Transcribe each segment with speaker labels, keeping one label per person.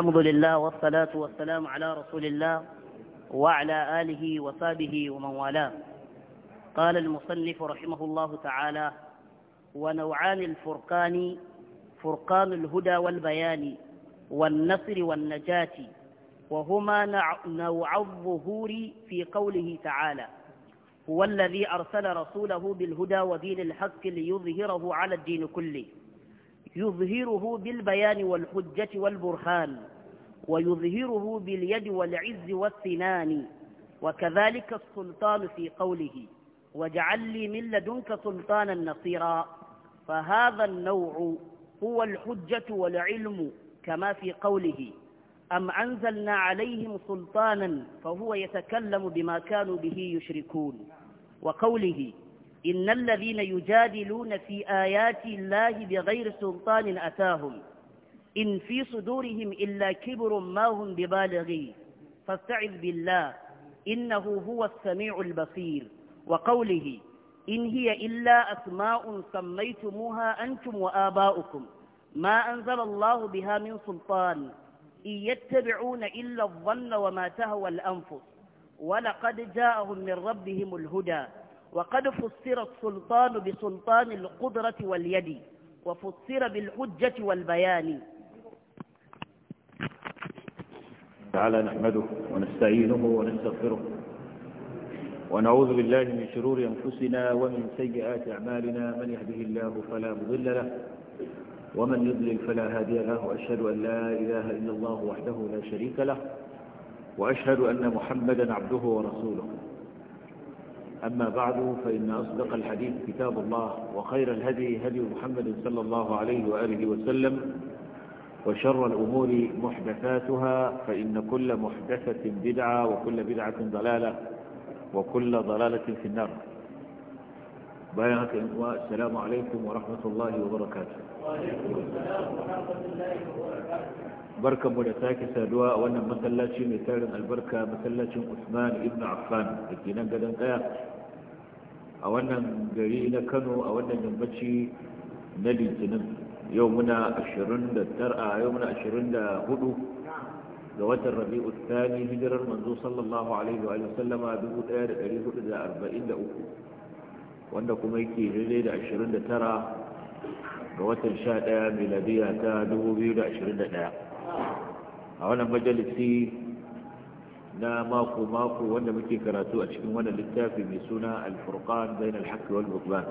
Speaker 1: الحمد لله والصلاة والسلام على رسول الله وعلى آله وصحبه ومن والاه قال المصنف رحمه الله تعالى ونوعان الفرقان فرقان الهدى والبيان والنصر والنجاة وهما نوع الظهور في قوله تعالى هو الذي أرسل رسوله بالهدى ودين الحق ليظهره على الدين كله يظهره بالبيان والحجة والبرهان ويظهره باليد والعز والثنان وكذلك السلطان في قوله واجعل لي من لدنك سلطانا نصيرا فهذا النوع هو الحجة والعلم كما في قوله أم أنزلنا عليهم سلطانا فهو يتكلم بما كانوا به يشركون وقوله إن الذين يجادلون في آيات الله بغير سلطان أتاهم إن في صدورهم إلا كبر ما هم ببالغي فاستعذ بالله إنه هو السميع البصير وقوله إن هي إلا أسماء سميتموها أنتم وآباؤكم ما أنزل الله بها من سلطان إن يتبعون إلا الظن وما تهوى الأنفس ولقد جاءهم من ربهم الهدى وقد فسر السلطان بسلطان القدرة واليد وفسر بالحجة والبيان
Speaker 2: تعالى نحمده ونستعينه ونستغفره ونعوذ بالله من شرور أنفسنا ومن سيئات أعمالنا من يهده الله فلا مضل له ومن يضلل فلا هادي له وأشهد أن لا إله إلا الله وحده لا شريك له وأشهد أن محمدا عبده ورسوله أما بعد فإن أصدق الحديث كتاب الله وخير الهدي هدي محمد صلى الله عليه وآله وسلم وشر الأمور محدثاتها فإن كل محدثة بدعة وكل بدعة ضلالة وكل ضلالة في النار بيانة السلام عليكم ورحمة الله وبركاته الله بركة ملتاك سادواء وانا مسلاتي مثال البركة مسلاتي عثمان ابن عفان لكي ننقل انقيا a wannan gari na kano a wannan yammaci na litinin yau muna 29 a yau muna 24 ga watan rabi'u tsani hijirar manzo sallallahu alaihi wa sallama 1443 wanda kuma yake daidai da 29 ga watan 11 miladiya ta 2021 a wannan majalisi na mako mako wanda muke karatu a cikin wannan littafi mai suna al-furqan bain al-haqq wal butlan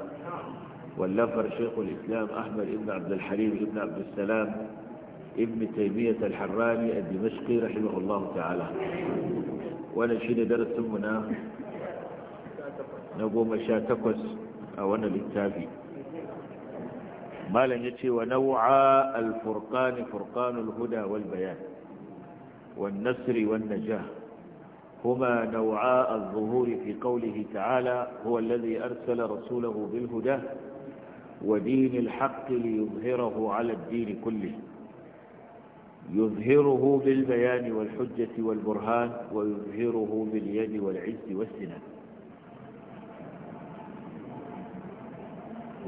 Speaker 2: wallafar shaykh al-islam ahmad ibn abd al-halim ibn abd salam ibn taymiyyah al-harrani ad-dimashqi rahimahullah ta'ala wannan shine darasin mu na na goma sha takwas a wannan littafi malam ya ce wa nau'a al-furqan furqanul huda wal bayan wan nasri wan najah هما نوعاء الظهور في قوله تعالى هو الذي أرسل رسوله بالهدى ودين الحق ليظهره على الدين كله يظهره بالبيان والحجة والبرهان ويظهره باليد والعز والسنان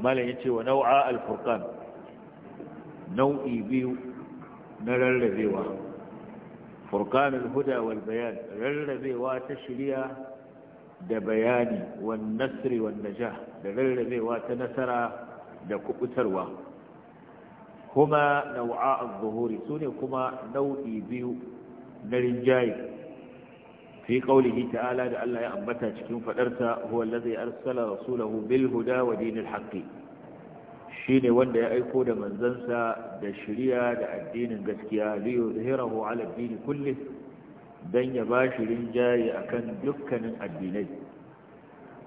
Speaker 2: ما لنتي ونوعاء الفرقان نوئي بيو نرى الذي وهو Furkanun huda wal bayan rarrabewa ta shirya da bayani wan nasri wan najah da rarrabewa ta nasara da kubutarwa kuma nau'a az-zuhuri sune kuma nau'i biyu na rinjaye fi qaulihi ta'ala da Allah ya ambata cikin fadarsa huwa allazi arsala rasulahu bil huda wa dinil haqqi Shi ne wanda ya aiko da manzansa da shirya da addinin gaskiya li yuzhirahu ala ad kulli dan ya ba shi rinjaye akan dukkanin addinai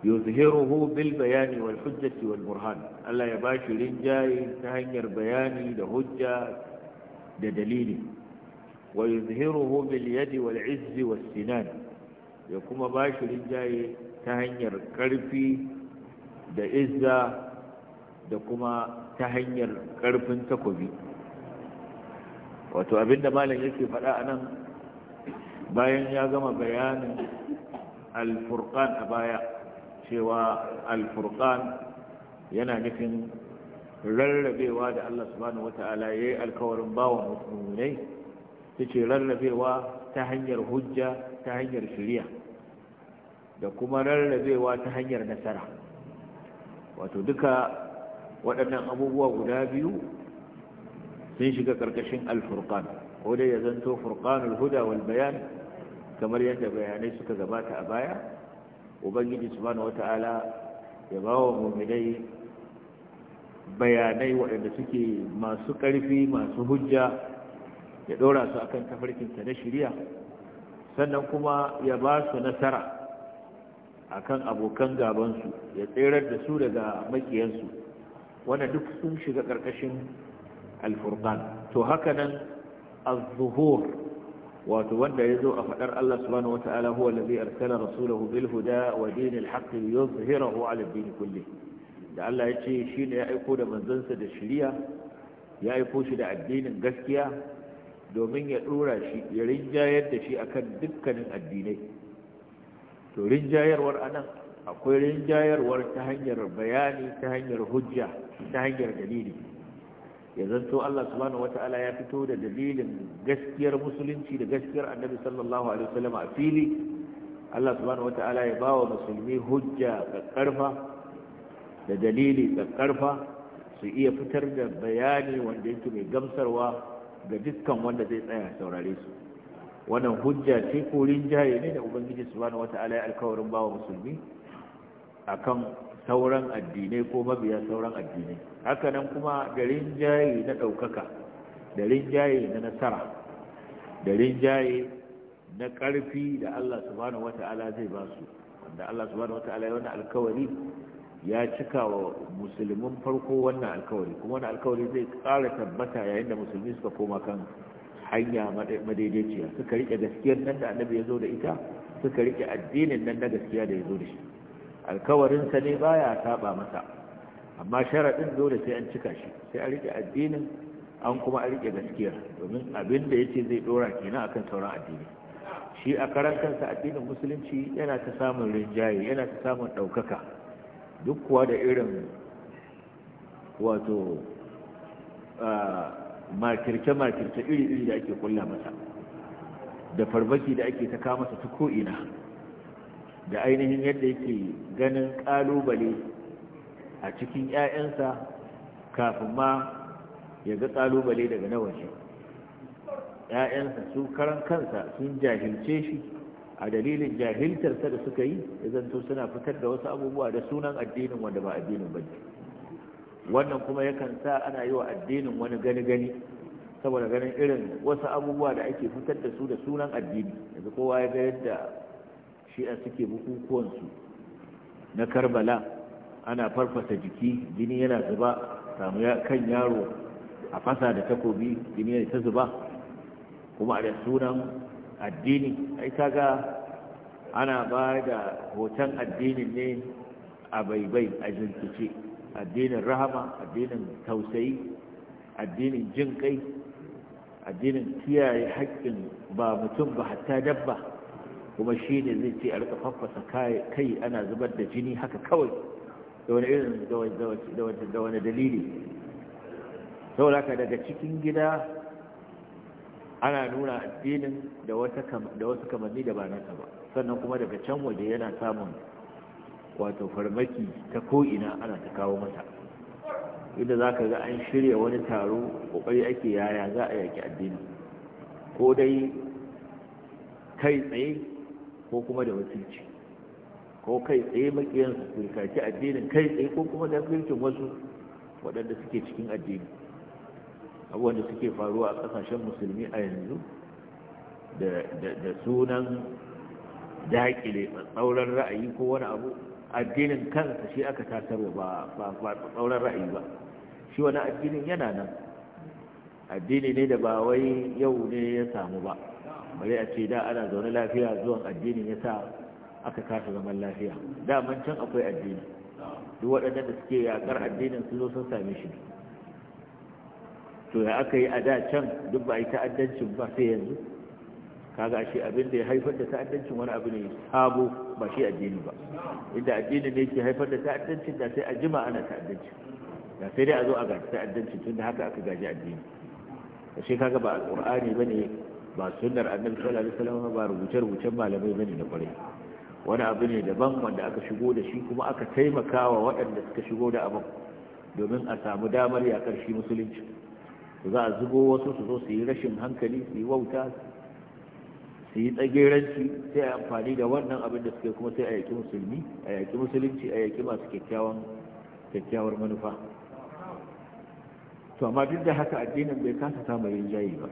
Speaker 2: yuzhiruhu bil bayani wal hujjati wal burhan Allah ya bashi rinjaye ta hanyar bayani da hujja da dalili wa yuzhiruhu bil yadi wal izzi was sinan ya kuma bashi rinjaye ta hanyar karfi da izza da kuma ta hanyar karfin takobi wato abinda malam yake faɗa a nan bayan ya gama bayanin alfurkan a baya cewa alfurkan yana nufin rarrabewa da Allah subhanahu wata'ala ya yi alkawarin bawa musulmi ta ce rarrabewa ta hanyar hujja ta hanyar shirya da kuma rarrabewa ta hanyar nasara wato duka waɗannan abubuwa guda biyu sun shiga ƙarƙashin alfurkan. ko dai ya zanto furkanul huda wal bayan kamar yadda bayanai suka gabata a baya ubangiji subhanahu wata'ala ya ba wa muminai bayanai waɗanda suke masu ƙarfi masu hujja ya ɗora su akan tafarkinta na shirya sannan kuma ya ba su nasara akan abokan gabansu ya tserar da su daga makiyansu wanda duk sun shiga ƙarƙashin alfurkan. to haka nan az-zuhur wato wanda zo a faɗar Allah subhanahu Ta'ala huwa allazi arsala rasulahu bil huda wa dinil haqq liyuzhirahu ala din kulli da Allah ya ce shine ya aiko da manzansa da shiriya, ya aiko shi da addinin gaskiya domin ya dora shi ya rinjayar da shi akan dukkanin addinai to rinjayarwar anan akwai rinjayarwar ta hanyar bayani ta hanyar hujja ta hanyar dalili ya zanto Allah subhanahu wata'ala ya fito da dalilin gaskiyar musulunci da gaskiyar annabi sallallahu alaihi wasallam a fili Allah subhanahu wata'ala ya ba wa musulmi hujja kakkarfa da dalili kakkarfa su iya fitar da bayani wanda yake mai gamsarwa ga dukkan wanda zai tsaya saurare su wannan hujja ce ko rinjaye ne da ubangiji subhanahu wata'ala ya alkawarin ba wa musulmi akan sauran addinai ko mabiya sauran addinai hakanan kuma da rinjaye na ɗaukaka da rinjaye na nasara da rinjaye na ƙarfi da Allah subhanahu wata'ala zai ba su wanda Allah subhanahu wata'ala ya wani alkawari ya cika wa musulmin farko wannan alkawari kuma wannan alkawari zai ƙara tabbata yayin da musulmi suka koma kan hanya madaidaiciya suka rike gaskiyar nan da annabi ya zo da ita suka rike addinin nan na gaskiya da ya zo da shi alkawarinsa ne baya saba masa amma sharaɗin dole sai an cika shi sai a rike addinin an kuma a rike gaskiya domin abin da ce zai ɗora kenan akan sauran addini shi a karan kansa addinin musulunci yana ta samun rinjaye yana ta samun ɗaukaka duk kuwa da irin wato makirce-makirce iri-iri da ake kulla masa da farbaki da ake ta kama su ta ko'ina da ainihin yadda yake ganin ƙalubale a cikin 'ya'yansa kafin ma ya ga ƙalubale daga na waje ‘ya'yansa su karan kansa sun jahilce shi a dalilin jahiltarsa da suka yi ya zanto suna fitar da wasu abubuwa da sunan addinin wanda ba addinin ba wannan kuma yakan sa ana yi wa addinin wani gani-gani saboda ganin irin wasu abubuwa da ake fitar da su da sunan addini yanzu kowa ya ga yadda shi'a suke bukukuwansu na karbala ana farfasa jiki jini yana zuba samu kan yaro a fasa da takobi jini yana ta zuba kuma a da sunan addini ai kaga ana ba da hoton addinin ne a baibai a jirkice addinin rahama addinin tausayi addinin jin kai addinin kiyaye haƙƙin ba mutum ba hatta dabba kuma shi ne zai ce a rika faffasa kai ana zubar da jini haka kawai da wani irin da wani dalili sauraka daga cikin gida ana nuna addinin da wasu kamanni da ba nasa ba sannan kuma daga can waje yana samun wato farmaki ta ko'ina ana ta kawo mata. inda za ka ga an shirya wani taro ƙoƙari ake yaya za a yaki addini ko dai kai tsaye ko kuma da wakilci ko kai tsaye su firkaci addinin kai tsaye ko kuma da firkin wasu waɗanda suke cikin addini abubuwan da suke faruwa a ƙasashen musulmi a yanzu da sunan daƙile tsauran ra'ayi ko wani abu addinin kansa shi aka tasarwa ba tsauran ra'ayi ba shi wani addinin yana nan addini ne da ba wai yau ne ya samu ba bare a ce da ana zaune lafiya zuwan addini ya sa aka kasa zaman lafiya da can akwai addini duk waɗannan da suke yakar addinin su zo sun same shi to ya aka yi a da can duk ba a yi ta'addancin ba sai yanzu kaga ashe abin da ya haifar da ta'addancin wani abu ne sabo ba shi addini ba inda addini ne ke haifar da ta'addancin da sai a jima ana ta'addanci da sai dai a zo a ga ta'addancin tun da haka aka gaji addini ashe kaga ba alqur'ani bane ba sunar annabi sallallahu alaihi wasallam ba rubuce rubuce malamai bane na kwarai wani abu ne daban wanda aka shigo da shi kuma aka taimakawa waɗanda suka shigo da abin domin a samu damar yakar shi musulunci za a zubo wasu su zo su yi rashin hankali su yi wauta su yi tsageranci sai a amfani da wannan abin da suke kuma sai a yaki musulmi a yaki musulunci a yaki masu kyakkyawan kyakkyawar manufa to amma duk da haka addinin bai kasa samun rinjaye ba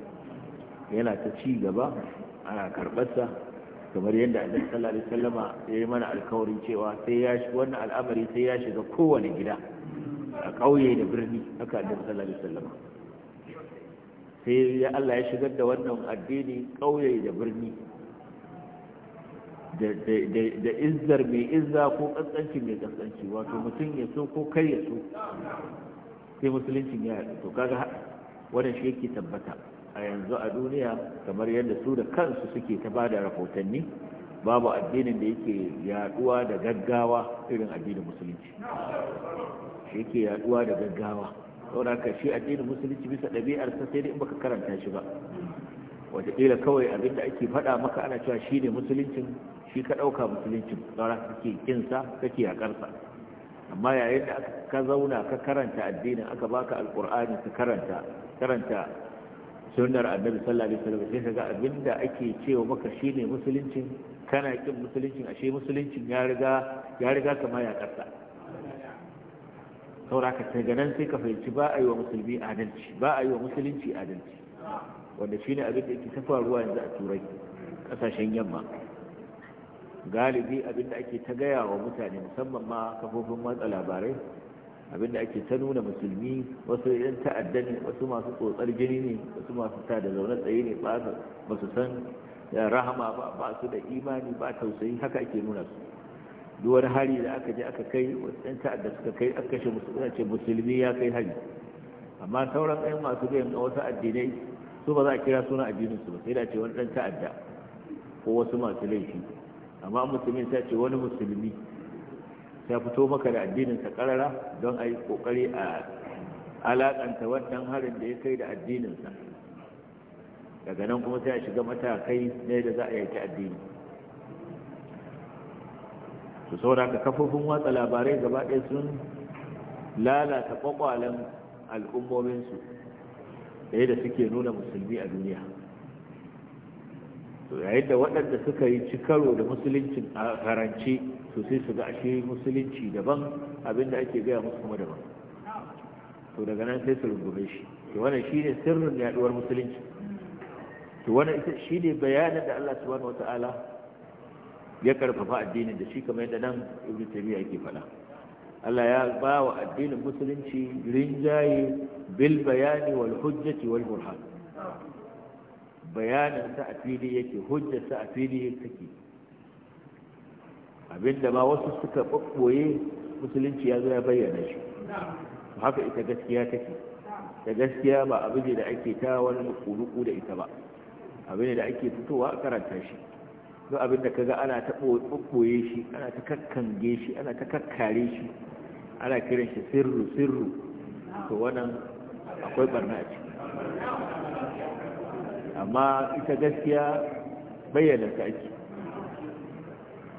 Speaker 2: yana ta ci gaba ana karɓarsa kamar yadda annabi sallallahu alaihi wasallama ya yi mana alkawarin cewa sai ya shi wannan al'amari sai ya shiga kowane gida a ƙauye da birni haka annabi sallallahu alaihi wasallama sai ya Allah ya shigar da wannan addini ƙauye da birni da izzar mai izza ko kaskanci mai kaskanci wato mutum ya so ko kai ya so sai musuluncin ya yi to kaga wannan shi yake tabbata a yanzu a duniya kamar yadda su da kansu suke ta ba da rahotanni babu addinin da yake yaduwa da gaggawa irin addinin musulunci shi yake yaduwa da gaggawa saboda ka shi addinin musulunci bisa ɗabi'ar sa sai dai in baka karanta shi ba wataƙila kawai abin da ake faɗa maka ana cewa shi ne musuluncin shi ka ɗauka musuluncin saboda kake kinsa kake yaƙarsa amma yayin da ka zauna ka karanta addinin aka baka alƙur'ani ka karanta karanta sunnar annabi sallallahu alaihi wasallam sai kaga abinda ake cewa maka shine Musulunci, kana kin Musulunci, ashe Musulunci ya riga ya riga kama ya karsa sauraka sai ganan sai ka fahimci ba a yi wa musulmi adalci ba a yi wa musulunci adalci wanda shine abin da yake ta faruwa yanzu a turai kasashen yamma galibi abin da ake ta gaya wa mutane musamman ma kafofin watsa labarai abinda ake ta nuna musulmi wasu yan ta'adda ne wasu masu tsotsar jini ne wasu masu ta da zaune tsaye ne ba su san rahama ba ba su da imani ba tausayi haka ake nuna su duk wani hari da aka je aka kai wasu yan ta'adda suka kai aka kashe musulmi musulmi ya kai hari amma sauran ɗayan masu bayan wasu addinai su ba za a kira suna addinin su ba sai da ce wani ɗan ta'adda ko wasu masu laifi amma musulmi ta ce wani musulmi ta fito maka da addinin ta karara don a yi kokari a alakanta wannan harin da ya kai da addininsa daga nan kuma sai a shiga matakai ne da za a yi ta addini su ka kafofin watsa labarai gaba ɗaya sun lalata kwakwalen al'ummominsu ɗaya da suke nuna musulmi a duniya yayin da waɗanda suka yi cikaro da musulunci a karance to sai su ga ashe musulunci daban abinda ake gaya musu kuma daban to daga nan sai su rungume shi to wannan shine sirrin yaduwar musulunci to wannan ita shine bayanin da Allah subhanahu wataala ya karfafa addinin da shi kamar yadda nan Ibn Taymiyyah yake faɗa Allah ya ba wa addinin musulunci rinjaye bil bayani wal hujjati wal burhan bayanin ta a fili yake hujjarsa a fili take abinda ma wasu suka ɓoye musulunci ya zo ya bayyana shi haka ita gaskiya take
Speaker 3: da gaskiya ba abu ne da ake
Speaker 2: ta wani kuruku da ita ba abu ne da ake fitowa a karanta shi duk abinda da ga ana ta ɓoye shi ana ta kakkange shi ana ta kakkare shi ana kiran shi sirru sirru to wannan akwai barna a ciki amma ita gaskiya bayyana ta ake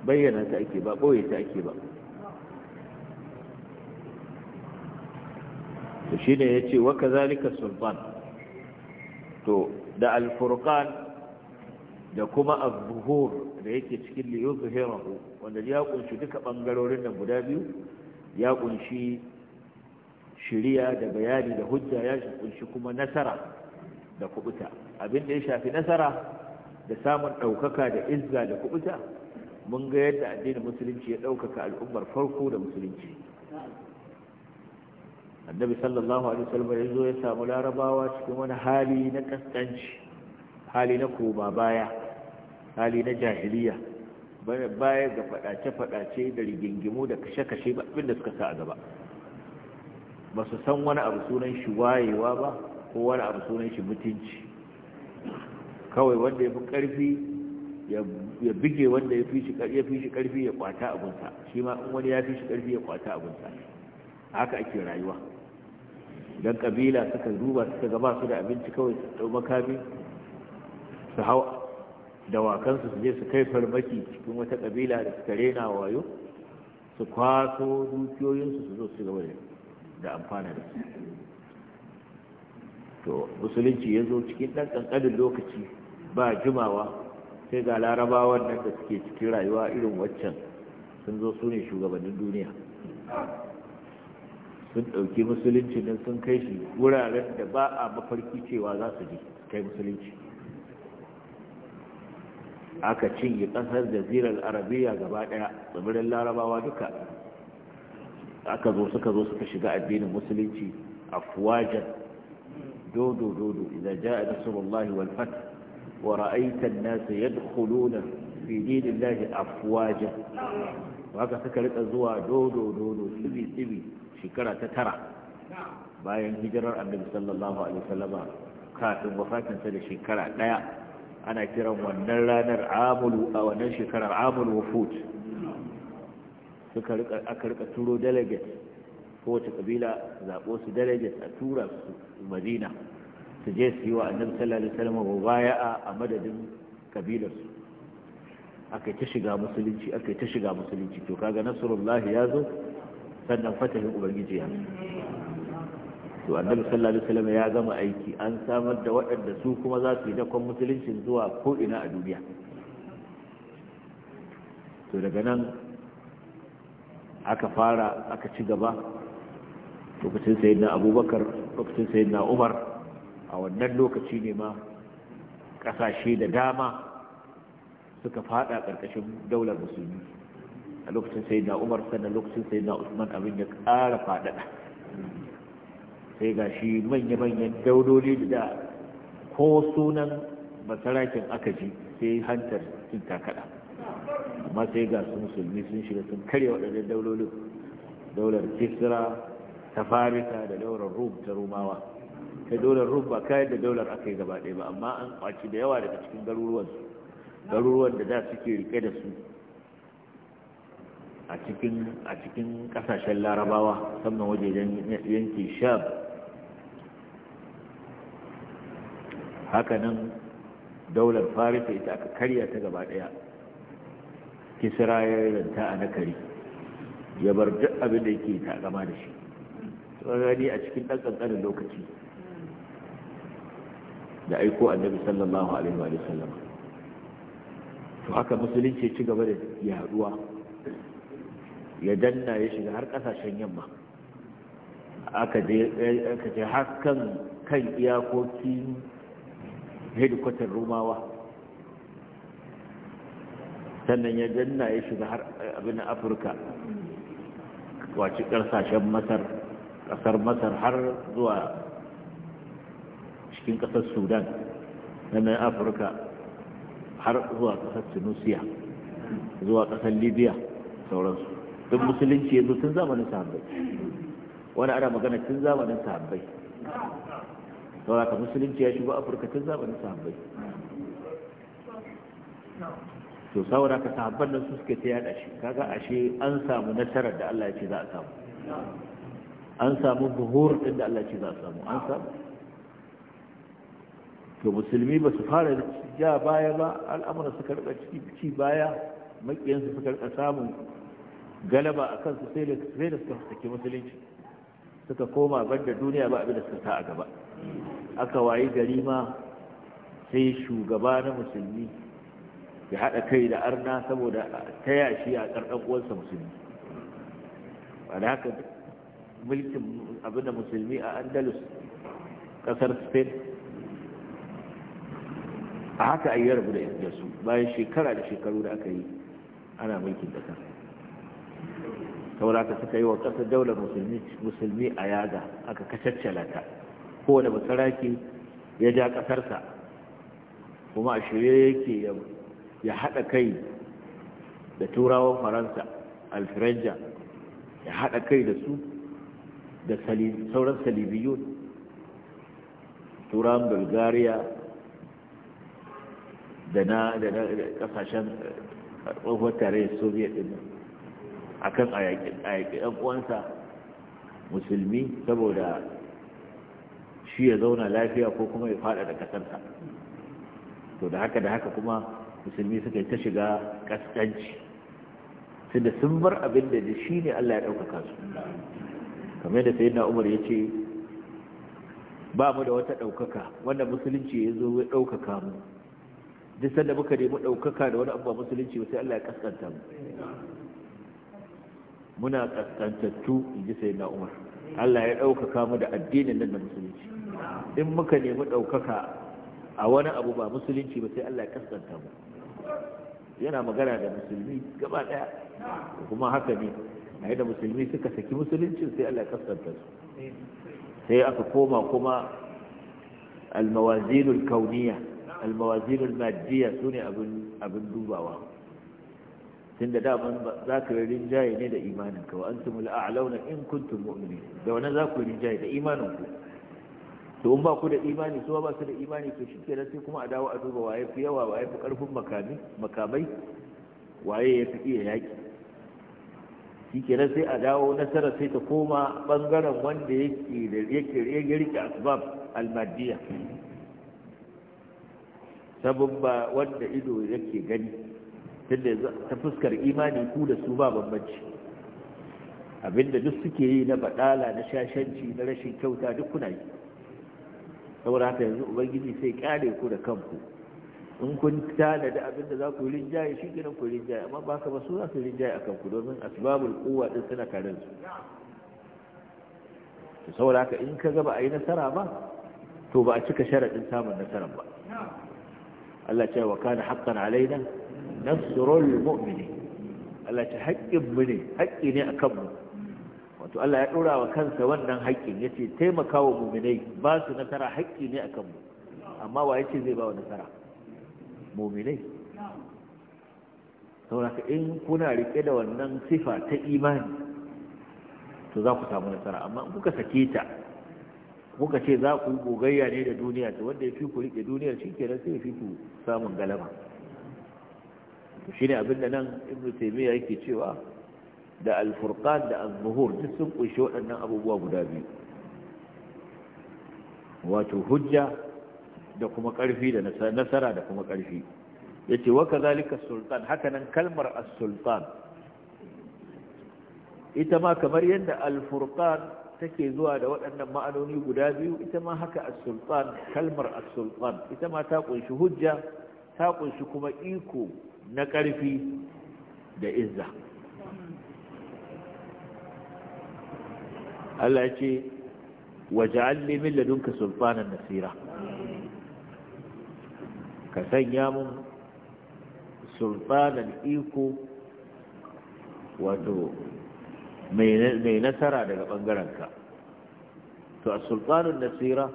Speaker 2: bayyana ta ake ba ɓoye ta ake ba to shi ne ya ce waka zalika to da alfurkan da kuma abubuwar da yake cikin liyu zuherahu wanda ya kunshi duka ɓangarorin nan guda biyu ya kunshi shiriya da bayani da hujja ya kunshi kuma nasara da kubuta abin da ya shafi nasara da samun ɗaukaka da izza da kubuta mun ga yadda addinin musulunci ya ɗaukaka al'ummar farko da musulunci annabi sallallahu alaihi wasallam ya zo ya samu larabawa cikin wani hali na kaskanci hali na koma baya hali na jahiliya baya ga faɗace-faɗace da rigingimu da kashe-kashe abin da suka sa a gaba ba su san wani abu sunan shi wayewa ba ko wani abu sunan shi mutunci kawai wanda ya fi ƙarfi ya bige wanda ya fi shi ƙarfi ya kwata abinsa shi ma wani ya fi shi ƙarfi ya kwata abinsa haka ake rayuwa don ƙabila suka duba suka gaba su da abinci kawai su ɗau makami su hau dawakansu su je su kai farmaki cikin wata ƙabila da suka rena wayo su kwaso dukiyoyinsu su zo su gaba da amfana da su to musulunci ya zo cikin ɗan ƙanƙanin lokaci ba jimawa sai ga larabawa nan da suke cikin rayuwa irin waccan sun zo su ne shugabannin duniya sun ɗauki musulunci nan sun kai shi wuraren da ba a mafarki cewa za su ji kai musulunci aka cinye ƙasar jazirar arabiya gaba ɗaya tsibirin larabawa duka aka zo suka zo suka shiga addinin musulunci a fuwajen dodo dodo idan ja'a nasrullahi wal fath ورأيت الناس يدخلون في دين الله أفواجا وهكذا سكرت الزوا دودو دودو سبي سبي شكرا تترى bayan hijirar annabi sallallahu alaihi wasallama kafin wafatinsa da shekara ɗaya ana kiran wannan ranar amulu a wannan aka rika turo delegates kowace kabila zabo su delegates a tura su madina su je su yi wa annabi sallallahu alaihi wasallam mubaya'a a madadin su akai ta shiga musulunci akai ta shiga musulunci to kaga nasrullahi ya zo sannan fatahin ubangiji ya to annabi sallallahu alaihi wasallam ya gama aiki an samar da waɗanda su kuma za su yi dakon musulunci zuwa ko ina a duniya to daga nan aka fara aka ci gaba lokacin sayyidina abubakar lokacin sayyidina umar a wannan lokaci ne ma ƙasashe da dama suka fada ƙarƙashin daular musulmi a lokacin sai na umar sannan lokacin sai na usman abin ya ƙara fadada sai ga shi manya-manyan daudoli da ko sunan masarakin aka ji sai hantar cin takaɗa amma sai ga su musulmi sun shiga sun karya waɗannan daulolin daular kisra ta farisa da daular rum ta rumawa ta daular rum ba kayan da daular aka yi gaba ɗaya ba amma an kwaci da yawa daga cikin garuruwan su garuruwan da za su ke rike da su a cikin a cikin kasashen larabawa musamman wajejen yankin sham hakanan daular farisa ita aka karya ta gaba ɗaya kisira ya ranta a nakari ya bar duk abin da yake gama da shi tsarari a cikin ɗan ƙanƙanin lokaci da aiko annabi sallallahu alaihi wa sallam to haka musulunci ci gaba da yaduwa ya danna ya shiga har kasashen yamma aka je har kan kan iyakokin hedikwatar rumawa sannan ya danna ya shiga har abin afirka kwaci kasashen masar kasar masar har zuwa cikin ƙasar sudan na afirka har zuwa ƙasar tunisia zuwa ƙasar libya sauransu duk musulunci yanzu tun zamanin sahabbai wani ana magana tun zamanin sahabbai
Speaker 3: ka musulunci
Speaker 2: ya shigo afirka tun zamanin sahabbai to saboda ka sahabban nan su suke ta yada shi kaga ashe an samu nasarar da Allah ya ce za a samu an samu buhur din da Allah ya ce za a samu an samu to musulmi ba su fara ja baya ba al'amura suka rika ci baya makiyansu suka rika samun galaba a kansu sai da suka saki musulunci suka koma banda duniya ba abin da suka sa a gaba aka wayi gari ma sai shugaba na musulmi ya haɗa kai da arna saboda ta yashi a ƙarɗan uwansa musulmi da haka mulkin abin da musulmi a andalus ƙasar spain a haka a yi rabu da su bayan shekara da shekaru da aka yi ana mulkin kasa saboda suka yi wa ƙasar daular musulmi a yaga aka kacaccala ta kowane masaraki ya ja ƙasarsa kuma a shirye yake ya haɗa kai da turawan faransa alfiranja ya haɗa kai da su da sauran salibiyun turawan bulgaria da na da na kasashen eh, tsohuwar tarayyar soviet din a kan a ɗan uwansa musulmi saboda shi ya zauna lafiya ko kuma ya fada da ƙasarsa to da haka da haka kuma musulmi suka yi ta shiga su da sun bar abin da shi ne Allah ya ɗaukaka su kamar yadda na Umar ya ce ba mu da wata ɗaukaka wanda musulunci ya zo ya ɗaukaka mu duk sanda muka nemi ɗaukaka da wani abu a musulunci ba sai Allah ya kaskanta mu muna kaskantattu in ji sai na umar Allah ya ɗaukaka mu da addinin nan da musulunci in muka nemi ɗaukaka a wani abu ba musulunci ba sai Allah ya kaskanta mu yana magana da musulmi gaba ɗaya kuma haka ne a yadda musulmi suka saki musulunci sai Allah ya kaskanta su sai aka koma kuma almawazinul kauniya almawazinul maddiya su ne abin dubawa tun da daman za ka yi rinjaye ne da imaninka wa an tumula a alauna in kuntum mu'mini da wani za ku rinjaye da imaninku to in ba ku da imani su ba su da imani to shi kenan sai kuma a dawo a duba waye fi yawa waye fi karfin makamai waye ya fi iya yaki shi kenan sai a dawo nasara sai ta koma bangaren wanda yake da yake rike asbab almadiyya ba wanda ido yake gani tunda ta fuskar imani ku da su ba bambanci abinda duk suke yi na badala na shashanci na rashin kyauta duk kuna yi saboda haka yanzu ubangiji sai kare ku da kanku in kun tana da abin da za ku rinjaye shi kenan ku rinjaye amma ba ka ba su za su rinjaye a kanku domin asibabul kowa din suna tare su saboda haka in ka gaba a yi nasara ba to ba a cika sharaɗin samun nasara ba Allah ce wa kana haƙƙan alaina nasrul mu'minin Allah ce haƙƙin mu ne haƙƙi ne akan mu wato Allah ya dora wa kansa wannan haƙƙin yace taimakawa mu'minai ba su nasara haƙƙi ne akan mu amma wa yace zai ba wa nasara mu'minai saboda in kuna rike da wannan sifa ta imani to za ku samu nasara amma in kuka sake ta Muka ce za ku gogayya ne da duniya ta wanda ya fi ku rike duniyar shi kenan sai ya fi ku samun galama. shi ne abinda nan ibn taimiyya yake cewa da Alfurkan da az duk sun kunshi waɗannan abubuwa guda biyu wato hujja da kuma ƙarfi da nasara da kuma ƙarfi ya ce wa zalika sultan haka nan kalmar as-sultan ita ma kamar yadda Alfurkan. take zuwa da waɗannan ma'anoni guda biyu ita ma haka as-sultan kalmar as-sultan ita ma ta ƙunshi hujja ta ƙunshi kuma iko na ƙarfi da izza Allah ce waja'al li min ladunka sultanan nasira ka sanya mun sultanan iko wato mai nasara daga ɓangarenka to a sultanun nasira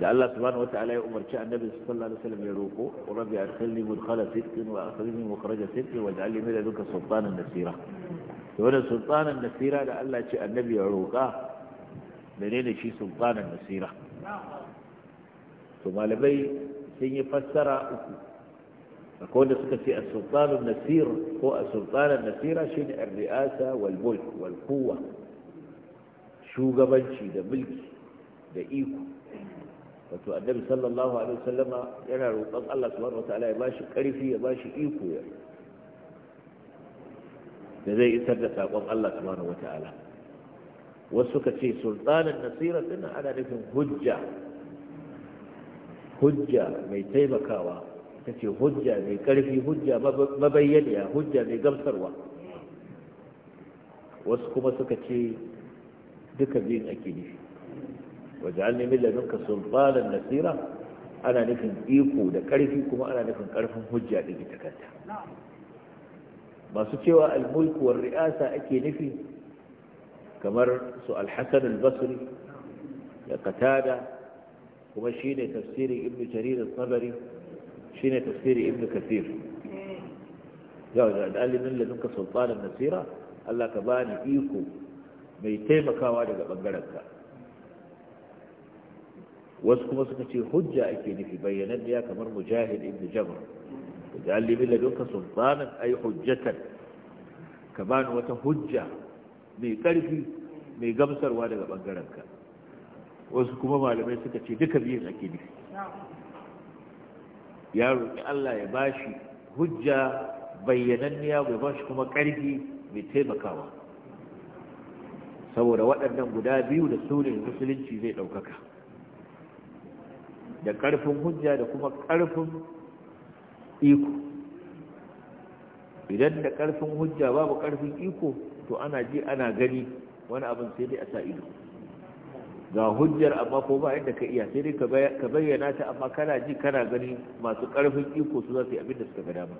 Speaker 2: da Allah subhanahu wata'ala ya umarci annabi sallallahu alaihi wasallam ya roko rabbi arsilni mudkhala sidqin wa akhrijni mukhraja sidqin wa ja'alni min ladunka sultanan nasira to wannan sultanan nasira da Allah ce annabi ya roka menene shi sultanan nasira to malamai sun yi fassara uku akwai wanda suka ce a sultanun nasir ko a sultanun nasira shine ar-ri'asa wal mulk wal quwwa shugabanci da mulki da iko wato annabi sallallahu alaihi wasallama yana roƙon Allah subhanahu wataala ya bashi ƙarfi ya bashi iko ya da zai isar da saƙon Allah subhanahu wataala wasu suka ce sultanan nasira din ana nufin hujja hujja mai taimakawa ita ce hujja mai ƙarfi hujja mabayyaniya hujja mai gamsarwa wasu kuma suka ce duka biyun ake nufi wajen nemi ladunka sultanan nasira ana nufin iko da ƙarfi kuma ana nufin ƙarfin hujja da ita kanta masu cewa almulku ri'asa ake nufi kamar su alhassan albasri da katada kuma shine tafsirin ibnu jarir al shine tafsiri ibnu kathir yau da dalimin ladunka sultanan nasira Allah ka bani iko mai taimakawa daga bangarenka wasu kuma suka ce hujja ake nufi bayyanan ya kamar mujahid ibnu jabr dalimin ladunka sultanan ay hujjatan ka bani wata hujja mai karfi mai gamsarwa daga bangarenka wasu kuma malamai suka ce duka biyun ake nufi ya roƙi Allah ya bashi hujja bayyananniya bai bashi kuma ƙarfi mai taimakawa saboda waɗannan guda biyu da su musulunci zai ɗaukaka da ƙarfin hujja da kuma ƙarfin iko idan da ƙarfin hujja babu ƙarfin iko to ana ji ana gani wani abin sai dai a sa ido ga hujjar amma ko ba yadda ka iya sai dai ka bayyana ta amma kana ji kana gani masu karfin iko su za yi abin suka gada dama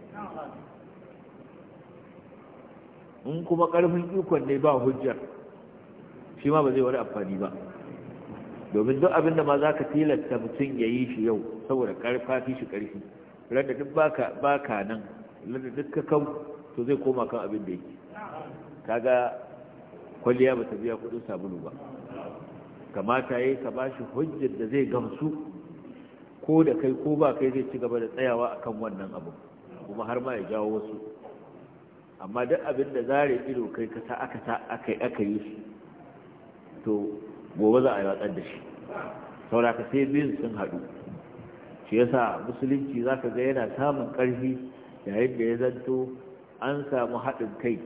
Speaker 2: in kuma karfin iko ne ba hujjar shi ma ba zai wani amfani ba domin duk abin da ma za ka tilasta mutum ya yi shi yau saboda karfa fi shi karfi randa duk baka ka nan randa duk ka kan to zai koma kan abin da yake kaga kwalliya ba ta biya kudin sabulu ba kamata yayi ka bashi hujjar da zai gamsu ko da kai ko ba kai zai ci gaba da tsayawa akan wannan abu kuma har ma ya jawo wasu amma duk abin da zare ido kai ka sa aka sa aka aka yi shi to gobe za a yi watsar da shi saboda ka sai biyun sun haɗu shi yasa musulunci zaka ga yana samun ƙarfi yayin da ya zanto an samu haɗin kai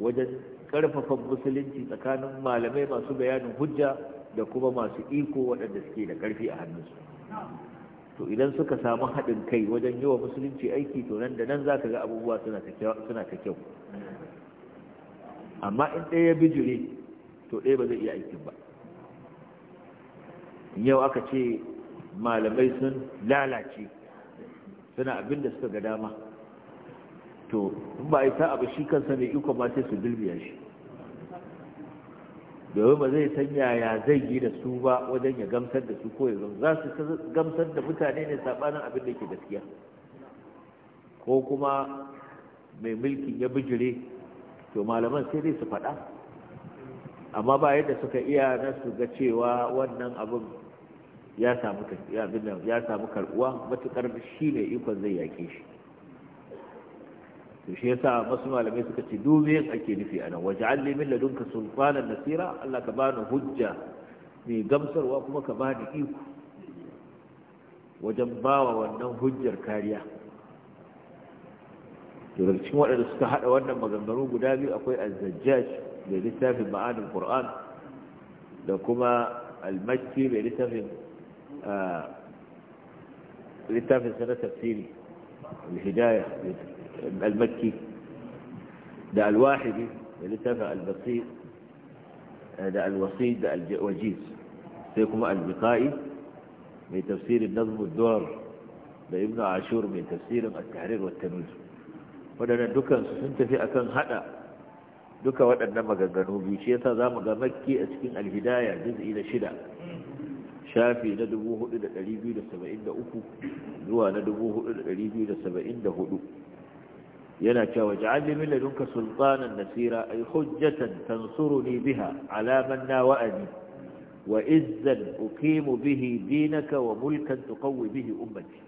Speaker 2: wajen ƙarfafa musulunci tsakanin malamai masu bayanin hujja da kuma masu iko waɗanda suke da ƙarfi a hannunsu to idan suka samu haɗin kai wajen yi wa musulunci aiki to nan da nan za ka ga abubuwa suna ta kyau amma in ɗaya ya bijire to ɗaya ba zai iya aikin ba yau aka ce malamai sun lalace suna abin da suka ga dama to ba a yi ta abu shi kansa mai iko ba sai su bilbiya shi domin ba zai san yaya zai yi da su ba wajen ya gamsar da su ko ya za su gamsar da mutane ne sabanin abin da ke gaskiya ko kuma mai mulki ya bijire to malaman sai dai su faɗa amma ba yadda suka iya na su ga cewa wannan abin ya samu karɓuwa matuƙar shi ne ikon zai yaƙe shi shi yasa wasu malamai suka ce dubiyin ake nufi a anan waj'al li min ladunka sultanan nasira Allah ka bani hujja mai gamsarwa kuma ka bani iko wajen bawa wannan hujjar kariya to daga cikin waɗanda suka haɗa wannan maganganu guda biyu akwai az-zajjaj da littafin ma'anin qur'an da kuma al-makki da littafin littafin sanar tafsiri al-hidayah al da al-wahidi da da al da al sai kuma al-biqai mai tafsirin nazm ad-durar da ibnu ashur mai tafsirin at-tahrir wa at sun tafi akan haɗa duka waɗannan maganganu biyu shi yasa zamu ga makki a cikin alhidaya hidaya juz'i shida shafi na zuwa na 4274 yana cewa ja'alli min ladunka sultanan nasira ay hujjatan tansuruni biha ala man nawa'ani wa izzan uqimu bihi dinaka wa mulkan tuqawwi bihi ummati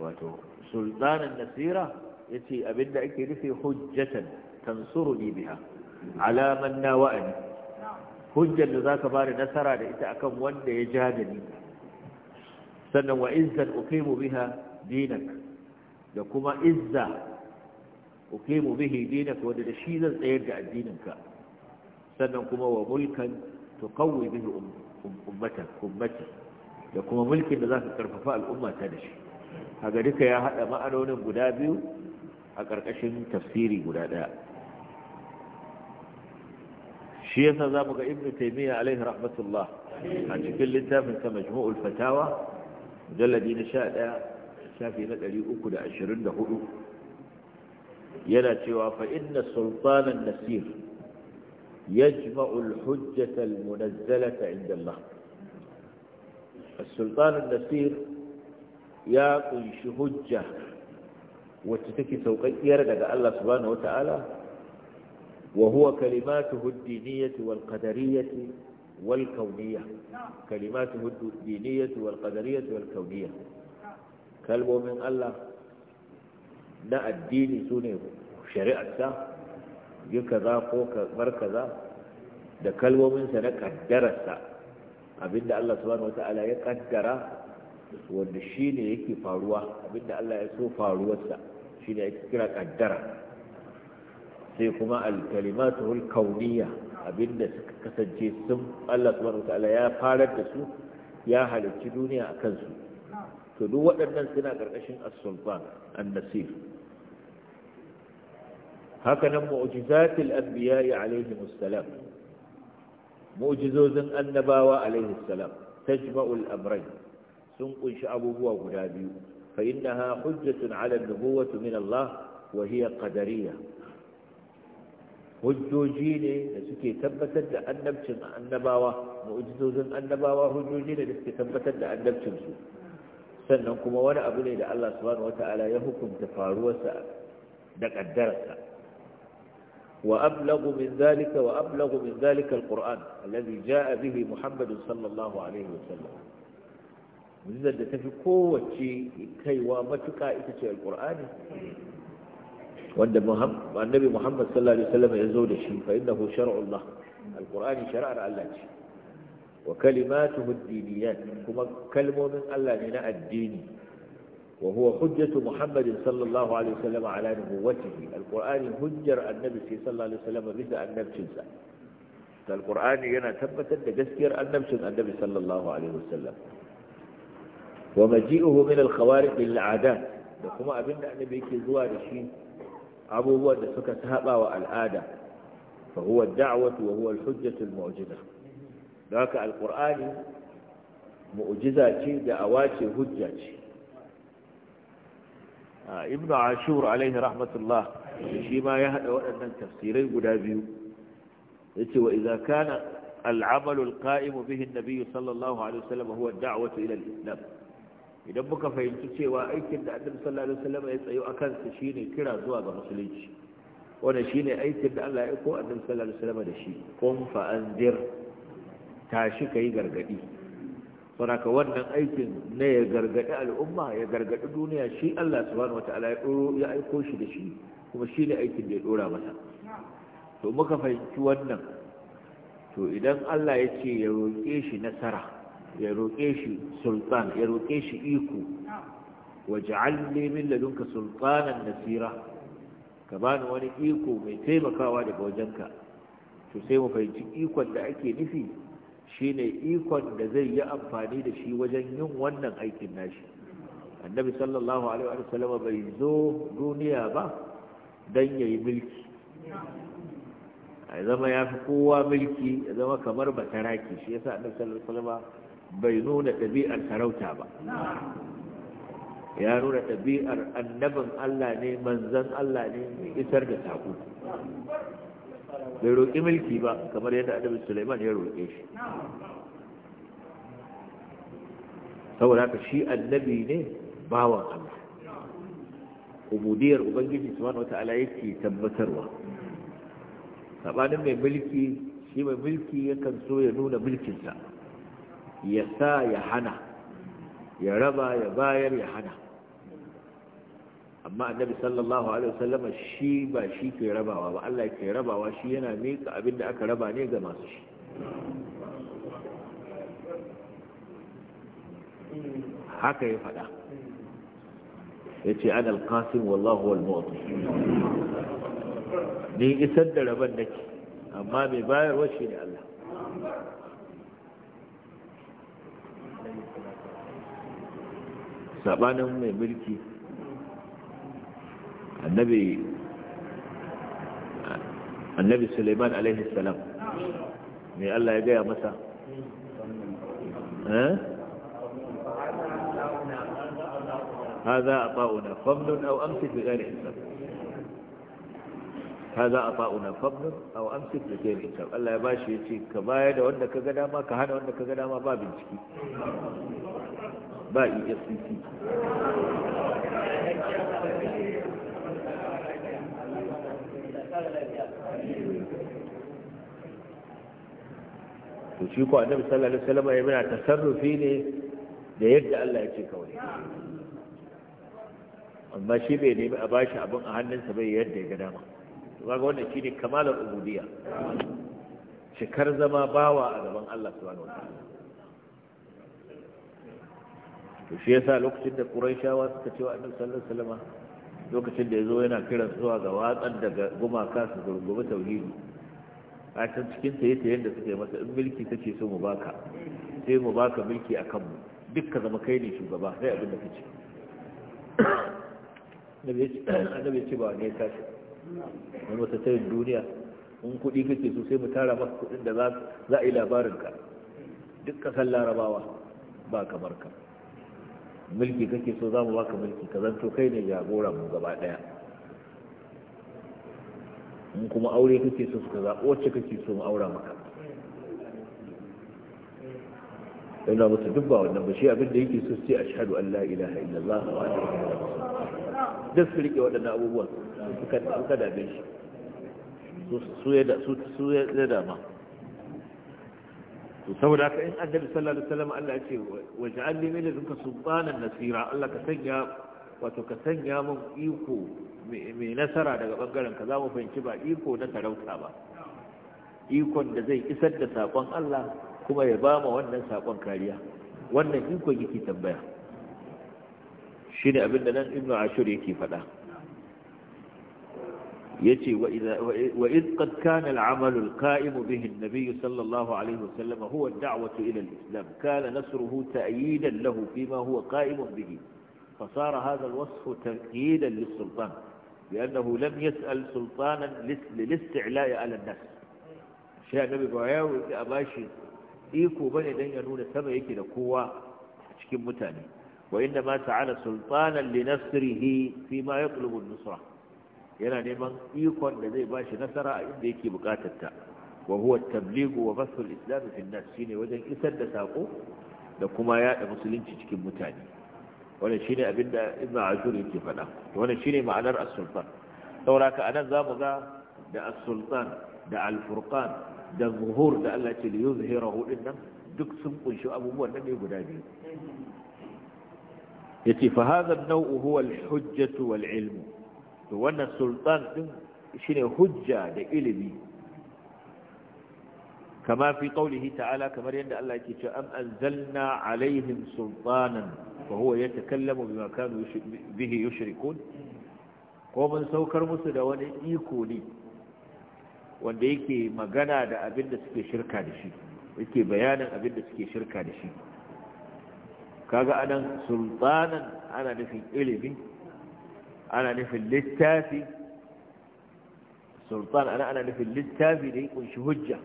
Speaker 2: wato sultanan nasira yace abinda ake nufi hujjatan tansuruni biha ala man nawa'ani hujjar da zaka bari nasara da ita akan wanda ya jada ni sannan wa izzan uqimu biha dinaka da kuma izza uqimu bihi dinaka wanda da shi zan tsayar da addininka sannan kuma wa mulkan tuqawwi bihi um-, um-, ummatak ummati da kuma mulkin da zaka karfafa al'umma ta da shi kaga duka ya hada ma'anonin guda biyu a karkashin tafsiri guda daya shi yasa zamu ga ibnu taymiya alaihi rahmatullah a cikin littafin sa majmu'ul fatawa mujalladi na 11 shafi na 324 yana cewa fa فإن السلطان النسير يجمع الحجة المنزلة عند الله السلطان النسير يا قنش حجة وتتكي سوقير لدى الله سبحانه وتعالى وهو كلماته الدينية والقدرية والكونية كلماته الدينية والقدرية والكونية kalmomin Allah na addini su ne shari'arsa yi kaza ko kamar kaza da kalmominsa na kaddararsa abinda Allah subhanahu wata'ala ya kaddara wanda shi ne yake faruwa abinda Allah ya so faruwarsa shi ne yake kira kaddara sai kuma alkalimatul kauniya abinda suka kasance sun Allah subhanahu wata'ala ya farar da su ya halicci duniya a kansu to duk waɗannan suna ƙarƙashin as-sultan an-nasir haka nan mu'jizatil anbiya'i alaihi musallam mu'jizozin annabawa alaihi salam tajma'ul amrayn sun kunshi abubuwa guda biyu fa innaha hujjatun 'ala an-nubuwwati min Allah wa hiya qadariyya hujjoji ne da suke tabbatar da annabcin annabawa mu'jizozin annabawa hujjoji ne da suke tabbatar da annabcin su sannan kuma wani abu ne da Allah subhanahu wata'ala ya hukunta faruwarsa da kaddararsa wa ablagu min zalika wa ablagu min zalika alquran alladhi jaa bihi muhammad sallallahu alaihi wasallam mu'jizar da tafi kowace kaiwa matuka ita ce alqur'ani wanda annabi muhammad sallallahu alaihi wasallam ya zo da shi fa innahu shar'ullah alqur'ani shar'ar Allah ce wa kalimatu ad kuma kalmomin Allah ne na addini wa huwa hujjatu muhammadin sallallahu alaihi wasallam ala nubuwwatihi al-Qur'ani hujjar annabi sallallahu alaihi wasallam bisa annabcinsa al-Qur'ani yana tabbatar da gaskiyar annabcin annabi sallallahu alaihi wasallam wa maji'uhu min al-khawariq lil da kuma abinda annabi yake zuwa da shi abubuwan da suka saba wa al'ada fa huwa ad-da'watu wa huwa hujjatu al da haka alkur'ani mu'jiza ce da awace hujja ce ibn ashur alaihi rahmatullah shi ma ya hada waɗannan tafsirai guda biyu yace wa idza kana al'amal alqa'im bihi an-nabiy sallallahu alaihi wasallam huwa ad-da'watu ila al-islam idan muka fahimci cewa aikin da annabi sallallahu alaihi wasallam ya tsayo akan sa shine kira zuwa ga musulunci wannan shine aikin da Allah ya aiko annabi sallallahu alaihi wasallam da shi kun fa anzir tashi ka yi gargaɗi saboda wannan aikin na ya gargaɗi al'umma ya gargaɗi duniya shi Allah subhanahu wataala ya ɗoro ya aiko shi da shi kuma shi ne aikin da ya ɗora masa to muka fahimci wannan to idan Allah ya ce ya roƙe shi nasara ya roƙe shi sultan ya roƙe shi iko waj'al li min ladunka sultanan nasira ka bani wani iko mai taimakawa daga wajenka to sai mu fahimci ikon da ake nufi Shi ne ikon da zai yi amfani da shi wajen yin wannan aikin nashi annabi sallallahu alaihi wa sallam bai zo duniya ba don ya yi mulki a zama ya fi kowa milki ya zama kamar bataraki shi yasa annabi sallallahu alaihi wa sallam bai nuna ɗabi'ar sarauta ba ya nuna ɗabi'ar annabin Allah ne manzan Allah ne mai isar da saƙo bai roƙi mulki ba kamar yadda annabi suleiman ya roƙe shi saboda haka shi annabi ne bawan Allah ubudiyar ubangiji wata ala yake tabbatarwa sabanin mai mulki shi mai mulki yakan so ya nuna mulkinsa ya sa ya hana ya raba ya bayar ya hana amma annabi sallallahu alaihi wasallama shi ba shi ke rabawa ba Allah ke rabawa shi yana mika abin da aka raba ne ga masu shi haka ya faɗa ya ce an alƙasin wallahu wal ni isar da raban nake amma mai bayarwa shi ne Allah sabanin mai mulki annabi suleiman alaihi salam mai allah ya gaya masa eh? ha za a fa'una fomdun au an fi fiye ne isa ha za a fa'una au an fi fiye ne isa allah ya ba ya ce ka baya da wanda ka gada ma ka hana wanda ka gada ma ba binciki ba iya e tsiki to shi ko annabi sallallahu alaihi wasallam yana tasarrufi ne da yadda Allah ya ce kawai amma shi bai nemi a bashi abin a hannunsa bai yadda ya ga dama to kaga wannan shine kamalar ubudiyya cikar zama bawa a gaban Allah subhanahu wataala to shi yasa lokacin da Qurayshawa suka ce wa Annabi sallallahu alaihi wasallam lokacin da yazo yana kiran zuwa ga watsar daga gumaka su gurgumi tauhidi a can cikin ta yata yadda suka yi masa in mulki kake so mu baka sai mu baka mulki a kanmu duk ka zama kai ne shugaba sai abin da kace annabi ya ce ba ne ce wani wata tayin duniya in kuɗi kake so sai mu tara maka kuɗin da za a yi ka duk ƙasar larabawa ba kamar ka mulki kake so za mu baka mulki ka zanto kai ne jagora mu gaba ɗaya in kuma aure kake so suka zaɓi wacce kake so mu aura maka yana musu duk ba wannan ba shi abin da yake so sai ashhadu an la ilaha illallah wa anna rasulullah duk su rike waɗannan abubuwan suka suka dabe shi su ya da su ya da ma to saboda haka in annabi sallallahu alaihi wasallam Allah ya ce waj'al li min ladunka sultanan nasira Allah ka sanya wato ka sanya mun iko mai nasara daga bangaren ka za mu fahimci ba iko na sarauta ba ikon da zai isar da saƙon Allah kuma ya ba ma wannan saƙon kariya wannan ikon yake tambaya shi ne abinda nan ibnu ashur yake faɗa yace wa id qad kana al-amal al-qa'im bihi an-nabiy sallallahu alaihi wasallam huwa ad-da'watu ila al-islam kana nasruhu ta'yidan lahu fima huwa qa'im bihi فصار هذا الوصف تأييدا للسلطان لأنه لم يسأل سلطانا للاستعلاء على الناس shi annabi ba ya roƙi a bashi iko ba ne dan ya nuna sama yake da kowa cikin mutane wa inda ma ta'ala sultanan li nasrihi fi ma yatlubu nusra yana neman ikon da zai bashi nasara a inda yake bukatar ta wa huwa at-tabligh wa basth al-islam fi an shine wajen isar da sako da kuma yada musulunci cikin mutane shi ne abin da ibn ashur yake faɗa shi ne ma'anar as-sultan saboda ka anan zamu ga da as-sultan da alfurkan da zuhur da Allah ce yuzhirahu din nan duk sun kunshi abubuwan nan ne guda biyu yace fa hadha an-naw'u huwa al-hujjatu wal-ilm to wannan sultan din shine hujja da ilimi kama fi qaulihi ta'ala kamar yadda Allah yake cewa am anzalna alaihim sultanan fa huwa yatakallamu bima kanu bihi yushrikun ko mun saukar musu da wani iko ne wanda yake magana da abin da suke shirka da shi yake bayanin abin da suke shirka da shi kaga anan sultanan ana nufin ilimi ana nufin littafi ana nufin littafi da ya kunshi hujja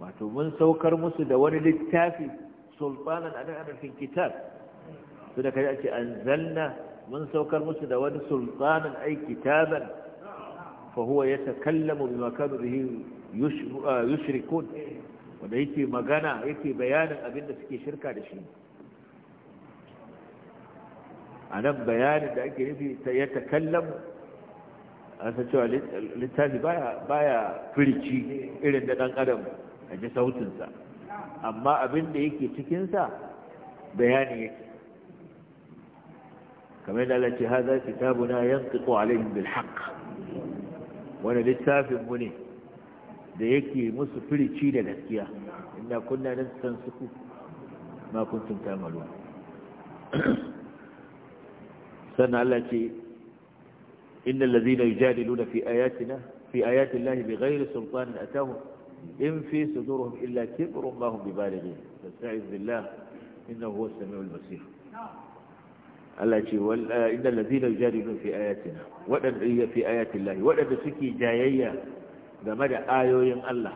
Speaker 2: wato mun saukar musu da wani littafi sulfanan a nan kitab su da kaji ce an zanna mun saukar musu da wani sulfanan ai kitaban fa huwa ya takallamu bi makanu bihi yushrikun wanda yake magana yake bayanin abin da suke shirka da shi a nan bayanin da ake nufi ya kallama an sa cewa littafi baya firici irin da ɗan adam a ji sautinsa amma abin da yake cikinsa bayani yake kamar da Allah ce haza kitabuna yantiqu alaihim bil haqq wani littafin mu ne da yake musu firici da gaskiya inna kunna nastansiku ma kuntum ta'malun sannan Allah ce innal ladhina yujadiluna fi ayatina fi ayati llahi bighayri sultanin atahum in fi sudurhum illa kibrun ma suke jayayya game da ayoyin Allah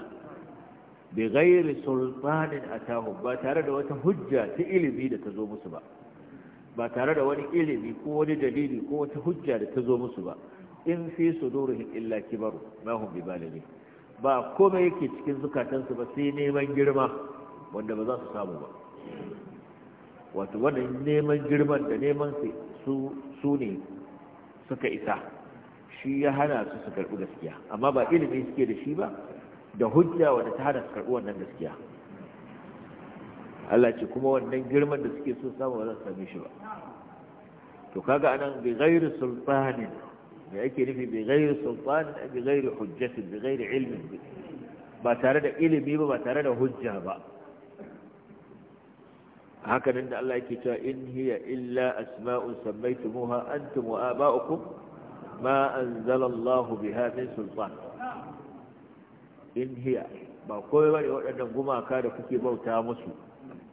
Speaker 2: bai ghairi sultanin atahum ba tare da wata hujja ta ilimi da ta zo musu ba ba tare da wani ilimi ko wani dalili ko wata hujja da ta zo musu ba in fi illa kibaru ba komai yake cikin zukatansu ba sai neman girma wanda ba za su samu ba wato wannan neman girman da neman su ne suka isa shi ya hana su su karɓi gaskiya amma ba ilimi suke da shi ba da hujja wanda ta hana su karɓi wannan gaskiya Allah ce kuma wannan girman da suke so samu ba za su same shi ba to kaga anan bi ghairi sultanin me ake nufi bi ghairi sultan bi gairi hujjati bi gairi ilmi ba tare da ilimi ba ba tare da hujja ba haka nan da Allah yake cewa in hiya illa asma'un sammaytumuha antum wa aba'ukum ma anzala Allah biha min sultan in hiya ba kowa bane waɗannan gumaka da kuke bauta musu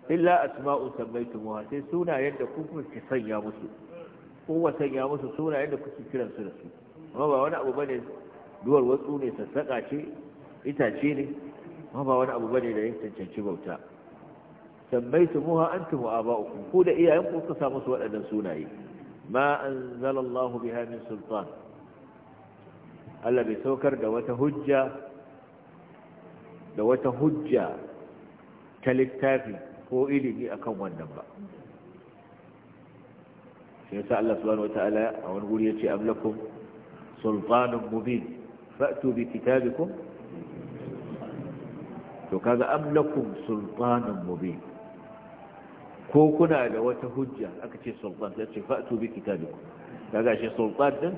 Speaker 2: illa asma'un sammaytumuha sai sunayen da kuke sanya musu kowa sanya musu sunayen da kuke kiran su da su amma ba wani abu bane duwar watsu ne sassaka ce itace ne amma ba wani abu bane da yin cancanci bauta sammai su muha an tumu a ba uku ko da iyayen ku ka sa musu waɗannan sunaye ma an zalallahu sultan Allah bai saukar da wata hujja da wata hujja ta littafi ko ilimi akan wannan ba sai sa Allah subhanahu wataala a wani guri yace amlakum sultanun mubin fa'tu bi kitabikum to kaga amlakum sultanun mubin ko kuna da wata hujja aka ce sultan sai ce fa'tu bi kitabikum kaga shi sultan din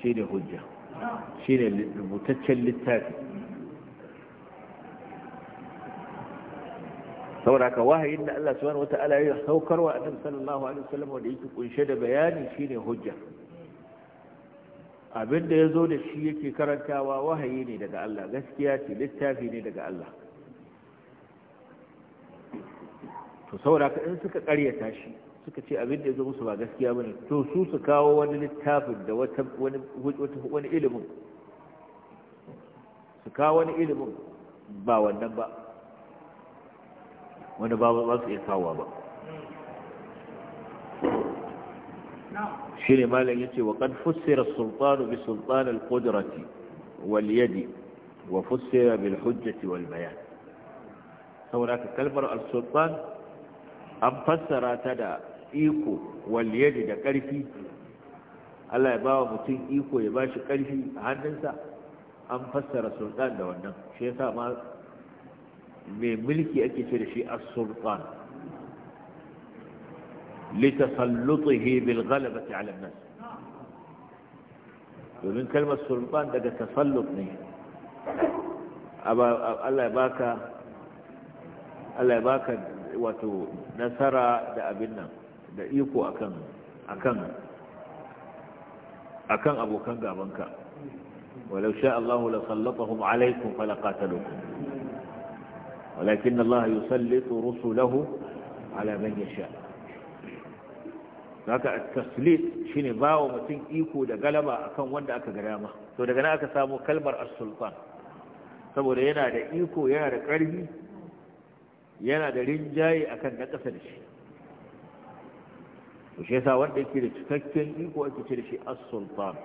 Speaker 2: shine hujja shine rubutaccen littafi saboda ka wahayin da Allah subhanahu wata'ala ya saukarwa annabi sallallahu alaihi wasallam wanda yake kunshe da bayani shine hujja abin da ya zo da shi yake karantawa wahayi ne daga Allah gaskiya ce littafi ne daga Allah to saboda ka in suka karyata shi suka ce abin da ya zo musu ba gaskiya bane to su su kawo wani littafin da wata wani wani ilimin su kawo wani ilimin ba wannan ba wanda ba za su iya kawo ba shi ne ya ce wa kan fussira as-sultanu bi sultan al-qudrati wal yadi wa fussira bil hujjati wal bayan saboda kalmar al-sultan an fassara ta da iko wal yadi da karfi Allah ya bawa mutum iko ya bashi karfi a hannunsa an fassara sultan da wannan shi sa ma mai mulki ake ce da shi a sultan litasallutihi bil ghalabati ala an-nas domin kalmar sultan daga tasallut ne Allah ya baka Allah ya baka wato nasara da abin nan da iko akan akan akan abokan gabanka walau sha Allah la sallatahum alaikum fala qatalukum walakin Allah yusallitu rusulahu ala man yasha haka at-taslit shine bawa mutum iko da galaba akan wanda aka ga dama to daga nan aka samu kalmar as-sultan saboda yana da iko yana da ƙarfi yana da rinjaye akan na ƙasa da shi to shi yasa wanda yake da cikakken iko ake ce da shi as-sultan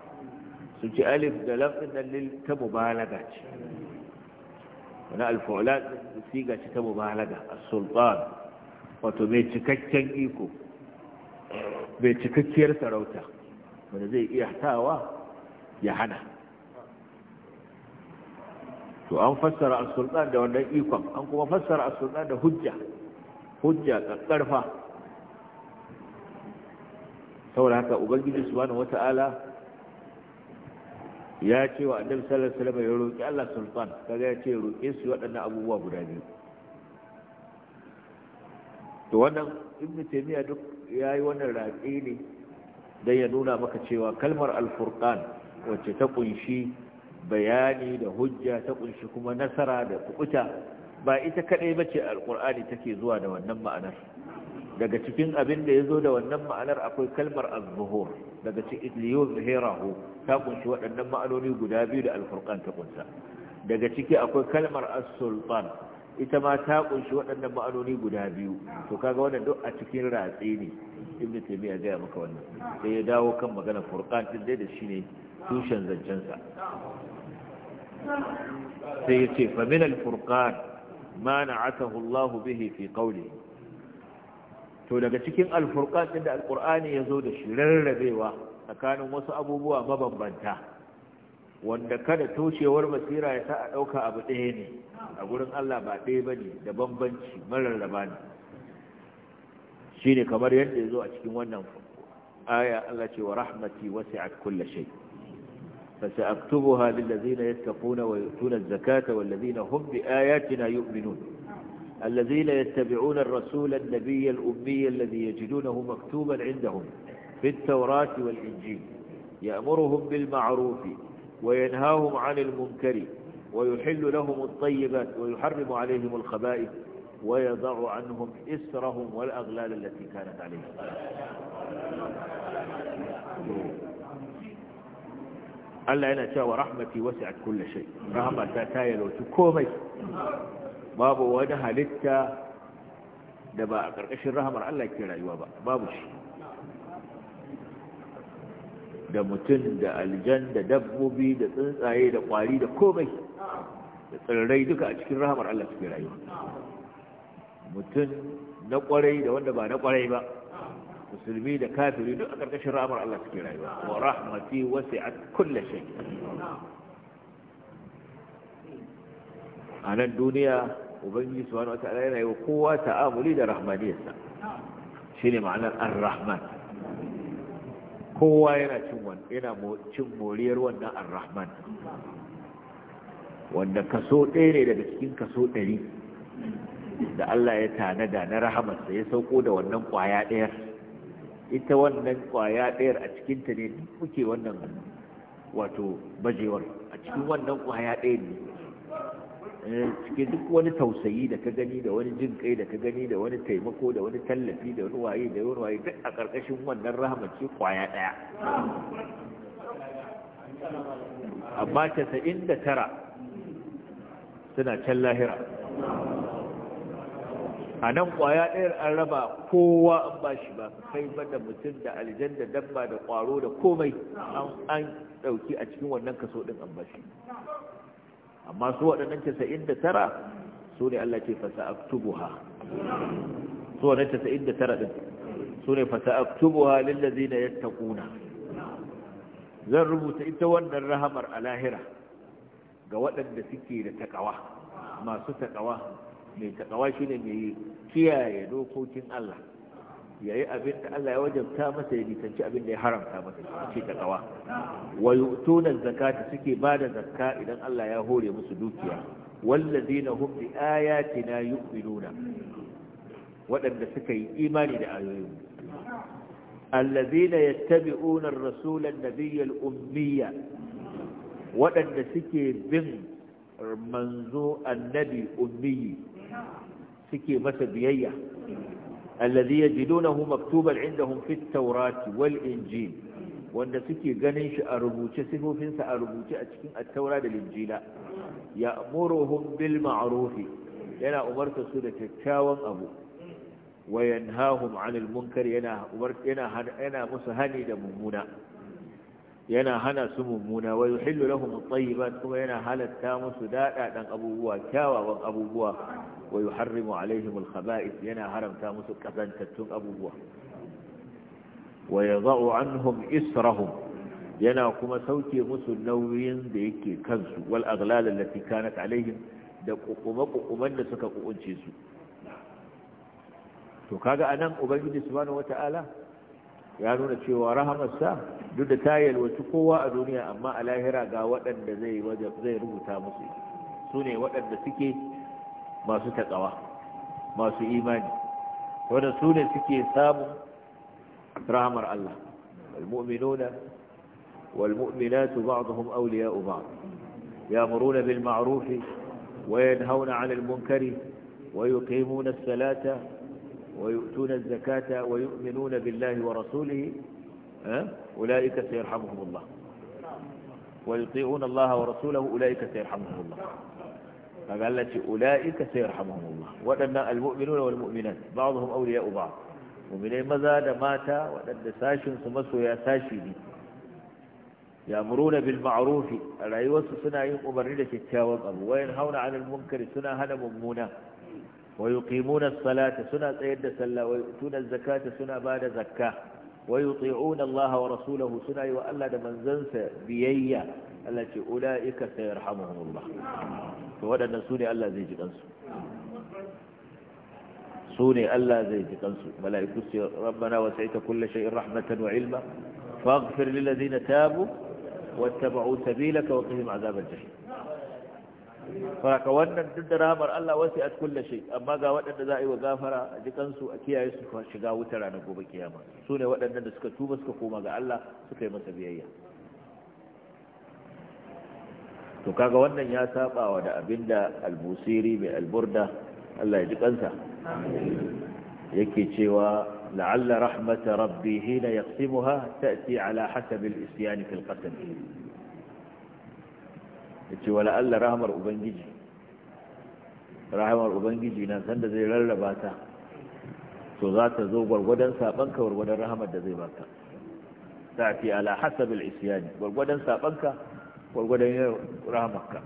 Speaker 2: sun alif da lafin din ta mubalaga ce wani alfa'ulat siga ce ta mubalaga as-sultan wato mai cikakken iko mai cikakkiyar sarauta wanda zai iya tawa ya hana to an fassara as-sultan da wannan ikon an kuma fassara as-sultan da hujja hujja kakkarfa saboda haka ubangiji subhanahu wata'ala ya ce wa annabi sallallahu alaihi wasallam ya roki Allah sultan kaga ya ce roki su waɗannan abubuwa guda biyu to wannan ibn taymiya duk yayi wannan raƙi ne dan ya nuna maka cewa kalmar al-furqan wacce ta kunshi bayani da hujja ta kunshi kuma nasara da kukuta ba ita kadai bace alqur'ani take zuwa da wannan ma'anar daga cikin abin da zo da wannan ma'anar akwai kalmar az-zuhur daga cikin liyuzhirahu ta kunshi waɗannan ma'anoni guda biyu da alfurkan ta kunsa daga ciki akwai kalmar as-sultan ita ma ta kunshi waɗannan ma'anoni guda biyu to kaga wannan duk a cikin ratsi ne ibn taymiya ga maka wannan sai ya dawo kan magana furqan din dai da shine tushen zancen sa
Speaker 3: sai ya ce fa min
Speaker 2: al-furqan ma na'atahu Allah bihi fi qawlihi to daga cikin al-furqan din da al-qur'ani yazo da shi rarrabewa tsakanin wasu abubuwa mabambanta wanda kada toshewar basira ya sa a ɗauka abu ɗaya ne a gurin Allah ba ɗaya ba ne da bambanci marar ne shi ne kamar yadda ya zo a cikin wannan aya Allah ce wa rahmati wasu a wasi'at ya shay فسأكتبها للذين يتقون ويؤتون الزكاة والذين هم بآياتنا يؤمنون الذين يتبعون الرسول النبي الأمي الذي يجدونه مكتوبا عندهم في التوراة والإنجيل يأمرهم بالمعروف وينهاهم عن المنكر ويحل لهم الطيبات ويحرم عليهم الخبائث ويضع عنهم إسرهم والأغلال التي كانت عليهم ألا أنا شاء ورحمتي وسعت كل شيء رحمة تتايل وتكومي باب ونهى لتا دبا أقرأش الرحمة ألا يكتل أيوابا باب الشيء da mutum da aljan da dabbobi da tsuntsaye da kwari da komai da tsirrai duka a cikin rahamar Allah suke rayuwa mutum na kwarai da wanda ba na kwarai ba musulmi da kafiri duk a ƙarƙashin rahamar Allah suke rayuwa wa rahmati a kulle shay a nan duniya ubangiji subhanahu wani wata yi kowa ta'amuli da rahmaniyarsa shine ma'anar ar-rahman kowa yana cin wani yana cin moriyar wannan al rahman wanda kaso ɗaya ne daga cikin kaso ɗari da Allah ya tanada na rahamarsa ya sauko da wannan ƙwaya ɗayar ita wannan ƙwaya ɗayar a cikinta ne duk muke wannan wato bajewar a cikin wannan ƙwaya ɗaya ne Eh, cikin duk wani tausayi da ka gani da wani jin kai da ka gani da wani taimako da wani tallafi da wani waye da wani waye duk a ƙarƙashin wannan ce kwaya ɗaya amma casa'in da tara suna can lahira a nan kwaya ɗayar an raba kowa an ba shi ba kai ba da mutum da aljan da dabba da ƙwaro da komai an ɗauki a cikin wannan kaso ɗin an ba shi amma su waɗannan casa'in da tara su ne Allah ce fasa'aktubuha su waɗannan casa'in da tara ɗin su ne fasa'aktubuha lillazi na yadda ƙuna zan rubuta ita wannan rahamar a lahira ga waɗanda suke da taƙawa masu taƙawa mai taƙawa shi ne mai kiyaye dokokin Allah ya yi abin da Allah ya wajabta masa ya nisanci abin da ya haramta masa ya ce ta kawa wa yu'tunan zakata suke ba da zakka idan Allah ya hore musu dukiya wallazina hum bi ayatina yu'minuna waɗanda suka yi imani da ayoyin allazina yattabi'una ar-rasula an-nabiyya al-ummiyya waɗanda suke bin manzo annabi ummi suke masa biyayya alladhi yajidunahu maktuban indahum fit tawrati wal injil wanda suke ganin shi a rubuce sifofinsa a rubuce a cikin attaura da linjila ya amuruhum bil ma'arufi, yana umarta su da kyakkyawan abu Wayan yanhahum 'anil munkar yana yana musu hani da mummuna yana hana su mummuna wa yuhillu kuma yana halatta musu daɗaɗen abubuwa kyawawan abubuwa wa yuharrimu alaihim al yana haramta musu kazantattun abubuwa wa yadha'u anhum israhum yana kuma sauke musu nauyin da yake kansu wal aghlal allati kanat alaihim da kukuma kukuman da suka kukunce su to kaga anan ubangiji subhanahu wata'ala ya nuna cewa sa? duk da ta yalwaci kowa a duniya amma a lahira ga waɗanda zai zai rubuta musu su ne waɗanda suke masu tatsawa masu imani wanda su ne suke samun rahamar Allah المؤمنون والمؤمنات بعضهم أولياء بعض يأمرون بالمعروف وينهون عن المنكر ويقيمون الصلاة ويؤتون الزكاة ويؤمنون بالله ورسوله أولئك سيرحمهم الله ويطيعون الله ورسوله أولئك سيرحمهم الله kaga Allah ce ulaika sayarhamuhumullah waɗannan almu'minuna wal mu'minat ba'dhum awliya'u ba'd mu'minai maza da mata waɗanda sashin su masoya sashi ne ya'muruna bil ma'ruf rayuwarsu suna yin umarni da kyakkyawan abu wa yanhauna 'anil munkari suna hana mummuna wa yuqimuna as-salata suna tsayar da sallah wa yu'tuna az-zakata suna bada zakka wa yuti'una Allah wa rasulahu suna yi wa Allah da manzansa biyayya Allah ce ulaika sayarhamuhumullah to waɗannan su ne Allah zai ji kansu su ne Allah zai ji kansu mala'iku su rabbana wasa'ita kullu shay'in rahmatan wa ilma faghfir lil ladina tabu wattaba'u sabilaka wa qihim azabar jahim faraka wannan duk da ramar Allah wasu a kulle shi amma ga waɗanda za a yi wa gafara a jikansu a kiyaye su shiga wuta ranar gobe kiyama su ne waɗanda da suka tuba suka koma ga Allah suka yi masa biyayya to kaga wannan ya sabawa da abinda al-busiri mai al-burda Allah ya ji kansa yake cewa la'alla rahmata rabbi hina yaqsimuha ta'ti ala hasab al-isyan fi al-qasam yace wala alla rahmar ubangiji rahmar ubangiji nan sanda zai rarraba ta to za ta zo gwargwadon sabanka gwargwadon rahmar da zai baka ta'ti ala hasab al-isyan gwargwadon sabanka gwargwadon yin rahamarka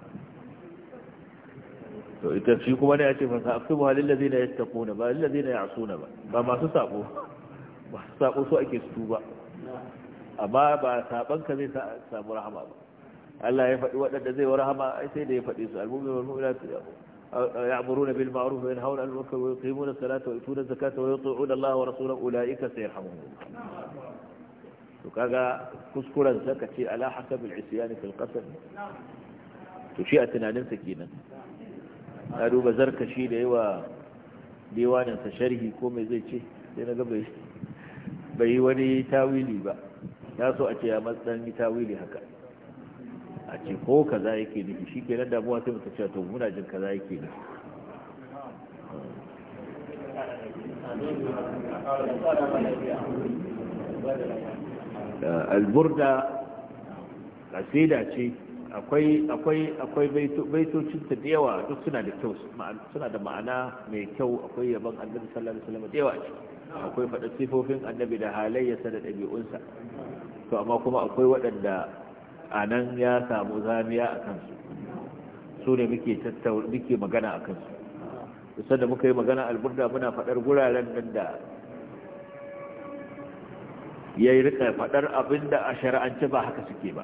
Speaker 2: to ita shi kuma ne a ce fasa aktubu halin da zai na yasta kuna ba halin da zai na ya asuna ba ba masu sako ba su sabo su ake su ba amma ba saban ka zai samu rahama ba Allah ya faɗi waɗanda zai wa rahama ai sai da ya faɗi su al-mu'min wal mu'minat يعمرون بالمعروف وينهون عن المنكر ويقيمون الصلاة ويؤتون الزكاة ويطيعون الله ورسوله أولئك سيرحمهم
Speaker 3: الله
Speaker 2: to kaga kuskuren sa kace ce hasab al isyan fil qasr to shi a tunanin sa kenan na duba zarkashi da yawa diwanin sa sharhi ko me zai ce sai naga bai bai yi wani tawili ba ya so a ce ya matsan yi tawili haka a ce ko kaza yake nufi shi ke nan damuwa sai mutum cewa to muna jin kaza yake nufi Thank you. alburda kasida ce akwai akwai akwai baitocin ta da yawa duk suna da kyau suna da ma'ana mai kyau akwai yaban annabi sallallahu alaihi wasallam da yawa ce akwai faɗa sifofin annabi da halayyarsa da dabi'unsa to amma kuma akwai waɗanda a nan ya samu zamiya a kansu su ne muke magana a kansu kusa da muka yi magana alburda muna faɗar guraren nan da ya yi rika fadar abinda a shari'ance ba haka suke ba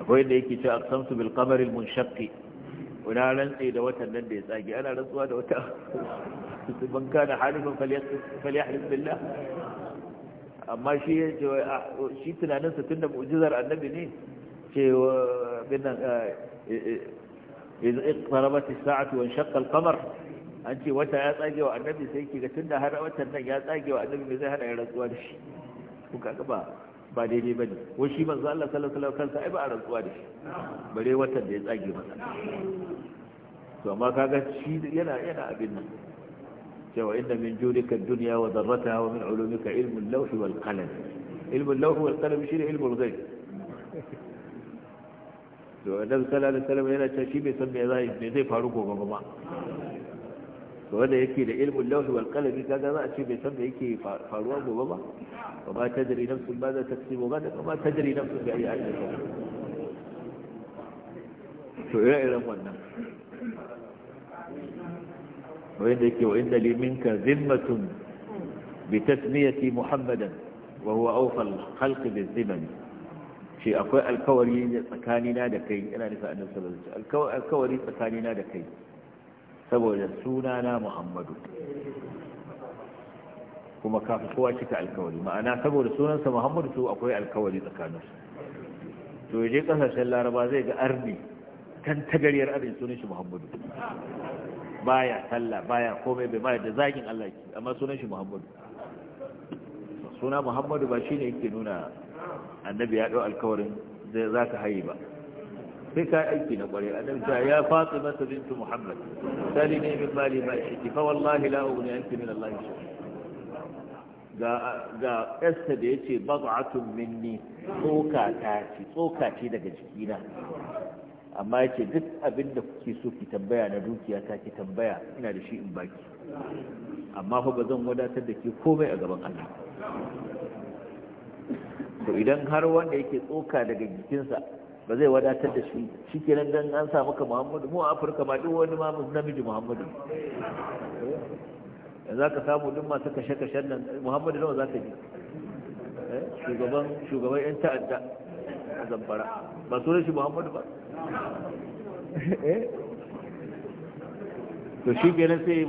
Speaker 2: akwai da yake ce aksamsu bil kamarin mun shakki wani rantse da watan nan da ya tsage ana rantsuwa da wata ban kana halifin falyahlif billah amma shi ya ce shi tunaninsa tun da mu'jizar annabi ne ce binnan idan iqtarabat as-sa'atu wa an ce wata ya tsage wa annabi sai ke ga tunda har watan nan ya tsage wa annabi zai hana ya rantsuwa da shi ko ka ba ba daidai bane ko shi manzo Allah sallallahu alaihi wasallam kansa ai ba a rantsuwa da shi bare watan da ya tsage masa to amma kaga shi yana yana abin nan cewa inda min judika dunya wa darrataha wa min ulumika ilmul lawhi wal qalam ilmul lawhi wal qalam shi ne ilmul ghaib to annabi sallallahu alaihi wasallam yana cewa shi bai san me zai faru gobe ba wanda yake da ilmin lauhi wal ga kaga za a ce bai san da yake faruwa gobe ba wa ma tajri nafsun ba za ta tsibo ba da ma sun nafsun bi ayi aiki
Speaker 3: to ira iran wannan
Speaker 2: wanda yake wa inda li minka zimmatun bi tasmiyati muhammadan wa huwa awfa al khalq bi zimmati shi akwai alkawari tsakanina da kai ina nufi annabi sallallahu alaihi wasallam alkawari tsakanina da kai saboda suna na muhammadu kuma kafi kowa cika alkawari ma'ana saboda sunansa muhammadu to akwai alkawari tsakaninsu to yaje kasashen laraba zai ga arni kan tagariyar arni sunan shi muhammadu baya sallah baya komai bai bayar da zagin Allah ki amma sunan shi muhammadu suna muhammadu ba shine yake nuna annabi ya dau alkawarin zai zaka hayi ba sai ka aiki na kwarai a ta ya fatsu masa bintu muhammad sani ne min mali ba shi fa wallahi la ughni anti min allah shay'a ga ga esta da yace bad'atun minni tsoka ta ce tsoka ce daga jikina amma yace duk abin da kuke so ki tambaya na dukiya ta ki tambaya ina da shi in baki amma fa ba zan wadatar da ke komai a gaban Allah to idan har wanda yake tsoka daga jikinsa ba zai wadatar da shi shi ke nan an samu ka muhammadu mu a afirka ma duk wani ma namiji muhammadu eh, za ka samu duk masu kashe-kashen nan muhammadu nawa za ka ji eh, shugaban shugaban yan ta'adda zamfara ba su shi muhammadu ba
Speaker 3: eh? to shi ke
Speaker 2: nan sai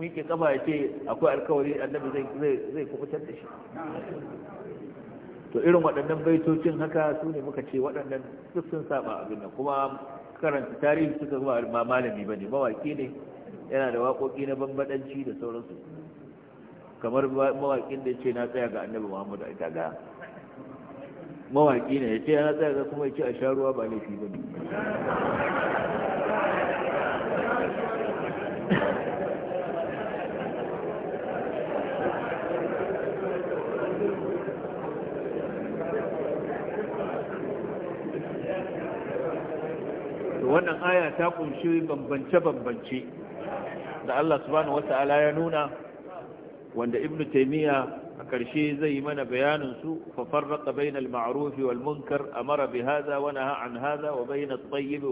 Speaker 2: miƙe kafa ya ce akwai alkawari annabi zai kuma da shi to irin waɗannan baitocin haka su ne muka ce waɗannan duk sun saba abin nan kuma karanta tarihi suka zuwa ba malami ba ne mawaƙi ne yana da waƙoƙi na bambaɗanci da sauransu kamar mawaƙin da ce na tsaya ga annabi muhammadu a kaga mawaƙi ne ya ce na tsaya ga kuma ya ce a sha ruwa ba laifi ba ne ta kunshi bambance-bambance da Allah subhanahu wata'ala ya nuna wanda ibnu taymiya a ƙarshe zai yi mana bayanin su fa bainal ma'ruf wal munkar amara bi hadha wa naha an hadha wa bain at-tayyib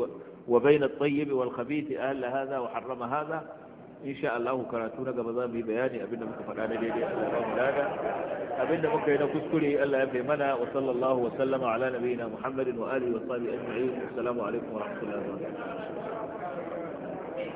Speaker 2: wa bain at-tayyib wa harrama hadha insha Allah karatu na gaba za mu yi bayani abinda muka faɗa na daidai Allah ya mu dada abinda muka yi na kuskure Allah ya bai mana wa sallallahu wa sallama ala nabiyina Muhammadin wa alihi wa sahbihi ajma'in assalamu alaikum wa rahmatullahi wa
Speaker 3: barakatuh